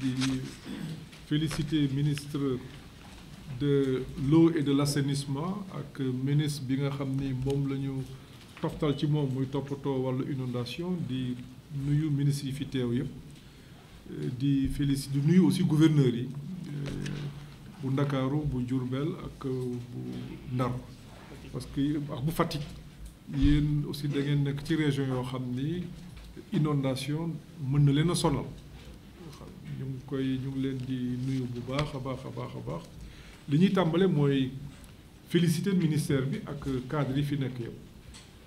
di féliciter ministre de l'eau et de l'assainissement ak ministre bi nga xam ni moom la ñu toftal ci moom muy toppatoo wàllu inondation di nuyu ministre yi fi teew yëpp di félici di nuyu aussi gouverneurs yi euh, bu Ndakaaru bu Diourbel ak euh, bu Ndar parce que ak bu Fatick yéen aussi da ngeen nekk ci région yoo xam ni inondation mën na leen a sonal ñu ngi koy ñu ngi leen di nuyu bu baax a baax a baax a baax li ñuy tàmbale mooy félicité ministère bi ak cadre yi fi nekk yëpp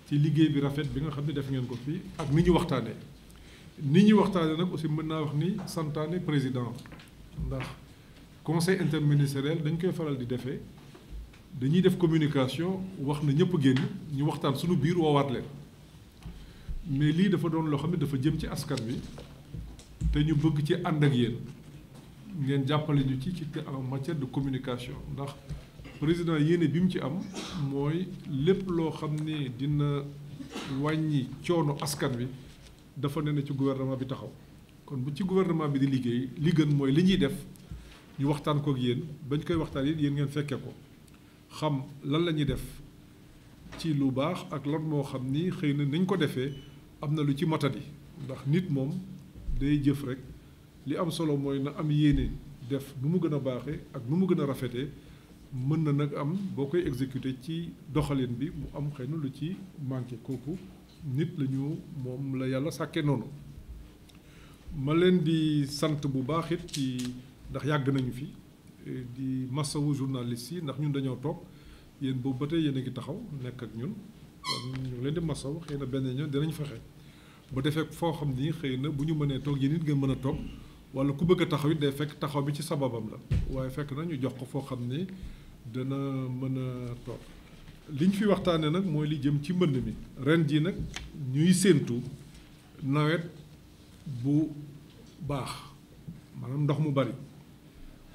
ci liggéey bi rafet bi nga xam ne def ngeen ko fii ak ni ñu waxtaanee ni ñu waxtaanee nag aussi mën naa wax ni santaane président ndax conseil interministériel dañ koy faral di defee. dañuy def communication wax na ñëpp génn ñu waxtaan suñu biir woowaat leen mais lii dafa doon loo xam ne dafa jëm ci askan bi te ñu bëgg ci ànd ak yéen ngeen jàppale ñu ci ci en matière de communication ndax président yéene bi mu ci am mooy lépp loo xam ne dina wàññi coono askan bi dafa ne ci gouvernement bi taxaw kon bu ci gouvernement bi di liggéey li gën mooy li ñuy def ñu waxtaan ko ak yéen bañ koy waxtaan yéen ngeen fekkee ko xam lan la ñuy def ci lu baax ak lan moo xam ni xëy na nañ ko defee am na lu ci matadi ndax nit moom day jëf rek li am solo mooy na am yéene def nu mu gën a baaxee ak nu mu gën a rafetee mën na nag am boo koy exécuté ci doxalin bi mu am xëy na lu ci mànke kooku nit la ñu moom la yàlla sàkke noonu ma leen di sant bu baaxit ci ndax yàgg nañu fi di masawu journaliste yi ndax ñun dañoo toog yéen boobu ba tey yéen a ngi taxaw nekk ak ñun ñu ngi leen di masawu xëy na benn ñoom dinañ fexe ba defee foo xam ni xëy na bu ñu mënee toog yéen it ngeen mën a toog wala ku bëgg a taxaw it day fekk taxaw bi ci sababam la waaye fekk na ñu jox ko foo xam ni dana mën a toog li ñu fi waxtaanee nag mooy li jëm ci mbënd mi ren jii nag ñuy séentu nawet bu baax maanaam ndox mu bari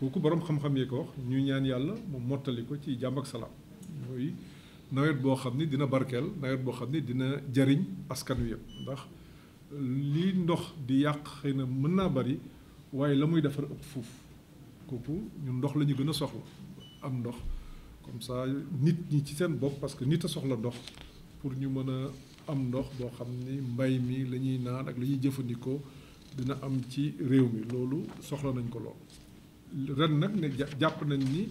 kooku borom xam yee ko wax ñu ñaan yàlla mu mottali ko ci jàmm ak salaam nawet boo xam ni dina barkeel nawet boo xam ni dina jariñ askan wi yëpp ndax lii ndox di yàq xëy na mën naa bari waaye la muy defar ëpp fuuf kooku ndox la ñu gën a soxla am ndox comme sa nit ñi ci seen bopp parce que nit a soxla ndox pour ñu mën a am ndox boo xam ni mbay mi lañuy naan ak la ñuy jëfandikoo dina am ci réew mi loolu soxla nañ ko lool. ren nag ne jàpp nañ ni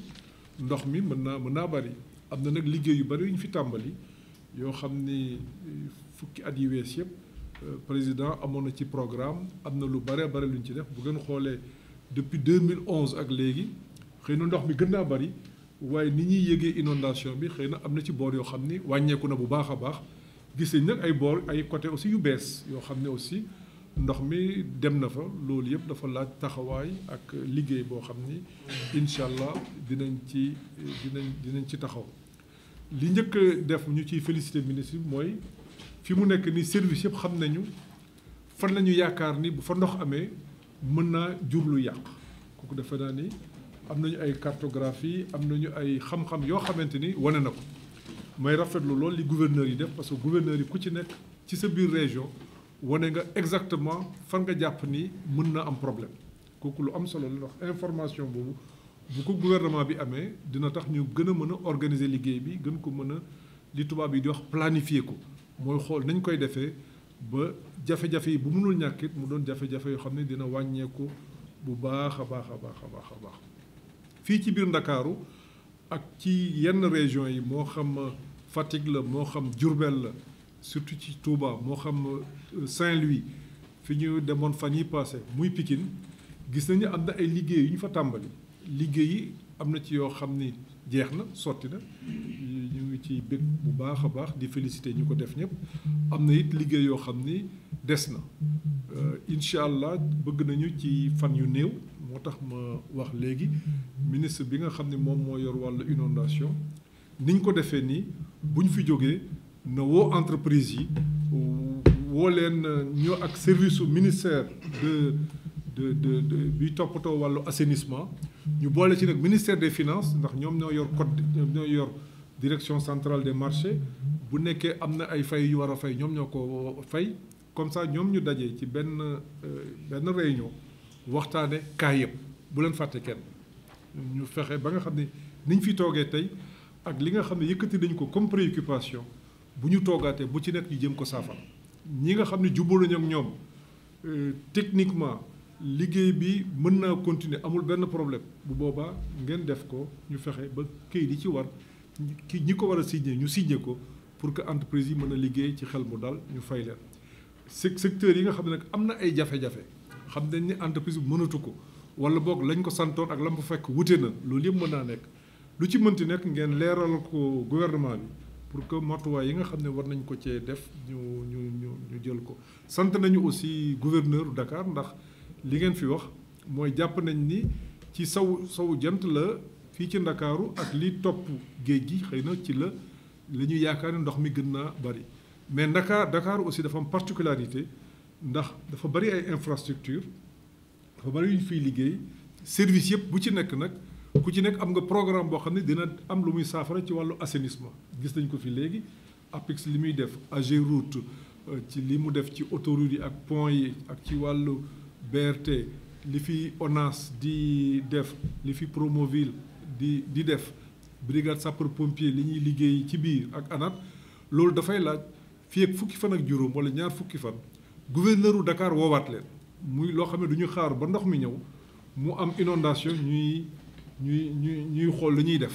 ndox mi mën naa mën naa bari am na nag liggéey yu bari yu ñu fi tàmbali yoo xam ni fukki at yi wees yëpp euh, président amoon na ci programme am na lu bare bare lu ñu ci def bu gën xoolee depuis mille 2011 ak léegi xëy na ndox mi gën naa bari waaye ni ñuy yëgee inondation bi xëy na am na ci boor yoo xam ni wàññeeku na bu baax a baax gisee nañ nag ay boor ay côté aussi yu bees yoo xam ne aussi. ndox mi dem na fa loolu yëpp dafa laaj taxawaay ak liggéey boo xam ni incha allah dinañ ci dinañ dinañ ci taxaw li njëkk def ñu ciy félicité ministre mooy fi mu nekk ni service yëpp xam nañu fan la ñu yaakaar ni bu fa ndox amee mën naa jublu yàq kooku defee naa ni am nañu ay cartographie am nañu ay xam-xam yoo xamante ni wane na ko may rafetlu lool li gouverneur yi def parce que gouverneur yi ku ci nekk ci sa biir région wane nga exactement fan nga jàpp ni mën na am problème kooku lu am solo la ndax information boobu bu ko gouvernement bi amee dina tax ñu gën a mën a organiser liggéey bi gën ko mën a li tubaab yi di wax planifier ko mooy xool nañ koy defee ba jafe-jafe yi bu mënul ñàkkit mu doon jafe-jafe yoo xam ne dina wàññeeku bu baax a baax a baax a baax a baax fii ci biir Ndakaaru ak ci yenn région yi moo xam Fatick la moo xam Diourbel la surtout ci Touba moo xam euh, Saint-Louis fi ñu demoon fan yi passé muy Pikine gis nañu am na ay liggéey yu ñu fa tàmbali liggéey yi am na ci yoo xam ni jeex na sotti na ñu ngi ci bég bu baax a baax di félicité ñu ko def ñëpp am na it liggéey yoo xam ni des na euh, incha allah bëgg nañu ci fan yu néew moo tax ma wax léegi ministre bi nga xam ne moom moo yor wàllu inondation niñ ko defee nii bu ñu fi jógee na woo entreprise yi woo leen ñoo ak service su ministère de de de de bi toppatoo wàllu assainissement ñu boole ci nag ministère des finance ndax ñoom ñoo yor code ñoo yor direction centrale des marché bu nekkee am na ay fay yu war a fay ñoom ñoo ko fay comme sax ñoom ñu dajee ci benn euh, benn réunion waxtaane kaay yëpp bu leen fàtte kenn ñu fexe ba nga xam ne niñ fi toogee tey ak li nga xam ne yëkkati dañ ko comme préoccupation bu ñu toogaatee bu ci nekk ñu jëm ko saafara ñi nga xam ne jubóo nañu ak ñoom euh, techniquement liggéey bi mën naa continuer amul benn problème bu boobaa ngeen def ko ñu fexe ba këy di ci war ki ñi ko war a ñu signé ko pour que entreprise yi mën a liggéey ci xel mu dal ñu fay leen. secteur yi nga xam ne am na ay jafe xam nañ ne entreprise bi mënatu ko wala boog lañ ko santoon ak lam fa fekk wute na loolu yëpp mën naa nekk lu ci mënti nekk ngeen leeral ko gouvernement bi. pour que matuwaay yi nga xam ne war nañ ko cee def ñu ñu ñu ñu jël ko sant nañu aussi gouverneur dakaar ndax li ngeen fi wax mooy jàpp nañ ni ci saw sawu jant la fii ci ndakaaru ak li topp géej gi xëy na ci la li ñu yaakaar ne ndox mi gën naa bari mais ndakaar ndakaaru aussi dafa am particularité ndax dafa bari ay infrastructure dafa bari yu ñu fiy liggéey service yëpp bu ci nekk nag ku ci nekk am nga programme boo xam ne dina am lu muy saafara ci wàllu assainissement gis nañ ko fi léegi APEX li muy def AGEROUTE euh, ci li mu def ci autoroute yi ak pont yi ak ci wàllu BRT li fi ONAS di def li fi Promoville di di def brigade sapeur pompier li ñuy liggéey ci biir ak ANAT loolu dafay laaj fii ak fukki fan ak juróom wala ñaar fukki fan gouverneur u Dakar woowaat leen muy loo xam ne du ñu xaar ba ndox mi ñëw mu am inondation ñuy ñuy ñuy ñuy xool lu ñuy def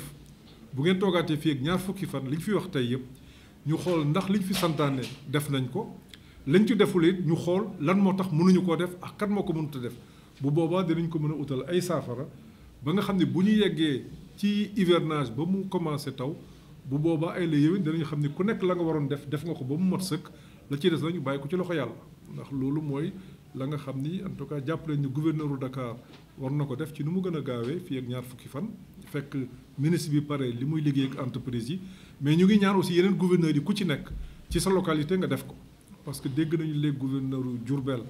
bu ngeen toogaatee fii ak ñaar fukki fan li ñu fi wax tey yëpp ñu xool ndax liñ fi santaane def nañ ko lañ ci deful it ñu xool lan moo tax mënuñu koo def ak kat moo ko mënut a def bu boobaa dinañ ko mën a utal ay saafara ba nga xam ne bu ñu yeggee ci hivernage ba mu commencé taw bu boobaa ay la yéwén dinañu xam ne ku nekk la nga waroon def def nga ko ba mu mat sëkk la ciy des nañu bàyyi ko ci loxo yàlla ndax loolu mooy la nga xam ni en tout cas jàpp nañ ne gouverneur u Dakar war na ko def ci nu mu gën a gaawee fii ak ñaar fukki fan fekk ministre bi pare li muy liggéey ak entreprise yi mais ñu ngi ñaan aussi yeneen gouverneur yi ku ci nekk ci sa localité nga def ko parce que dégg nañu léegi gouverneur u Diourbel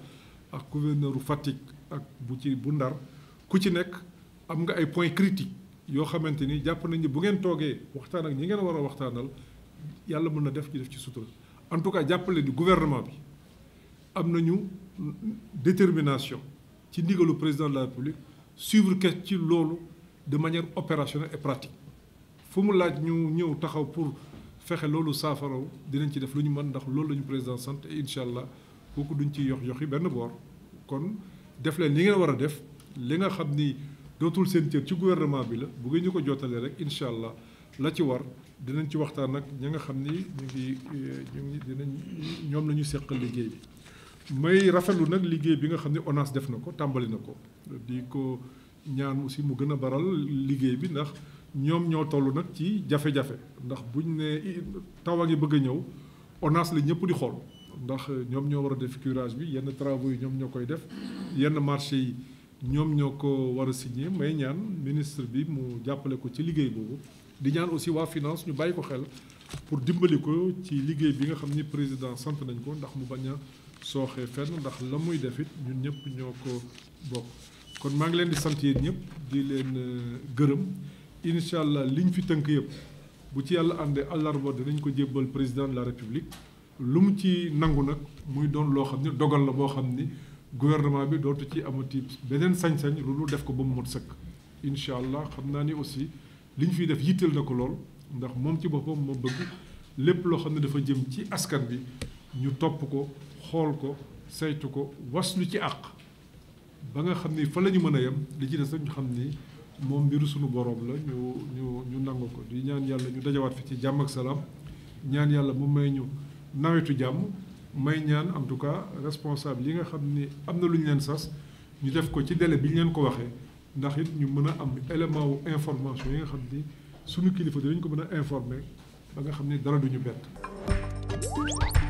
ak gouverneur u Fatick ak bu ci bu Ndar ku ci nekk am nga ay point critique yoo xamante ni jàpp nañ ni bu ngeen toogee waxtaan ak ñi ngeen war a waxtaanal yàlla mën na def ñu def ci sutura en tout cas jàppale ni gouvernement bi am na ñu détermination ci ndigalu président la république suivre ket ci loolu de manière opérationnelle et pratique fu mu laaj ñu ñëw taxaw pour fexe loolu saafaraw dinañ ci def lu ñu mën ndax loolu la ñu président sant et incha allah kooku duñ ci yox yoxi benn boor kon def leen li ngeen war a def li nga xam ni dootul seen cër ci gouvernement bi la bu ñu ko jottalee rek incha allah la ci war dinañ ci waxtaan nag ñi nga xam ni ñu eh, dinañ ñoom la ñu seqal liggéey may rafet rafetlu nag liggéey bi nga xam ne ONAS def na ko tàmbali na ko di ko ñaan aussi mu gën a baral liggéey bi ndax ñoom ñoo toll nag ci jafe-jafe ndax buñ ne taw a ngi bëgg a ñëw ONAS la ñëpp di xool ndax ñoom ñoo war a def curage bi yenn travaux yi ñoom ñoo koy def yenn marché yi ñoom ñoo ko war a signé may ñaan ministre bi mu jàppale ko ci liggéey boobu di ñaan aussi waa finance ñu bàyyi ko xel pour dimbali ko ci liggéey bi nga xam ni président sant nañ ko ndax mu bañ a sooxee fenn ndax la muy def it ñun ñëpp ñoo ko bokk kon maa ngi leen di sant yéen ñëpp di leen euh, gërëm incha allah liñ fi tënk yëpp bu ci yàlla àndee àllarba dinañ ko jébbal président de la république lu mu ci nangu nag muy doon loo xam ne dogal na boo xam ni gouvernement bi dootu ci amati beneen sañ-sañ lu dul def ko ba mu mot sëkk. incha xam naa ni aussi li ñu fi def yitteel na ko lool ndax moom ci boppam moo bëgg lépp loo xam ne dafa jëm ci askan bi. ñu topp ko xool ko saytu ko was ñu ci àq ba nga xam ni fa la ñu mën a yem li ci des ñu xam ni moom mbiru sunu boroom la ñu ñu ñu nangu ko di ñaan yàlla ñu dajawaat fi ci jàmm ak salaam ñaan yàlla mu may ñu nawetu jàmm may ñaan en tout cas responsable yi nga xam ni am na lu ñu leen sas ñu def ko ci délai bi ñu leen ko waxee ndax it ñu mën a am élément wu information yi nga xam ni sunu kilifa dinañ ko mën a informer ba nga xam ni dara duñu bett.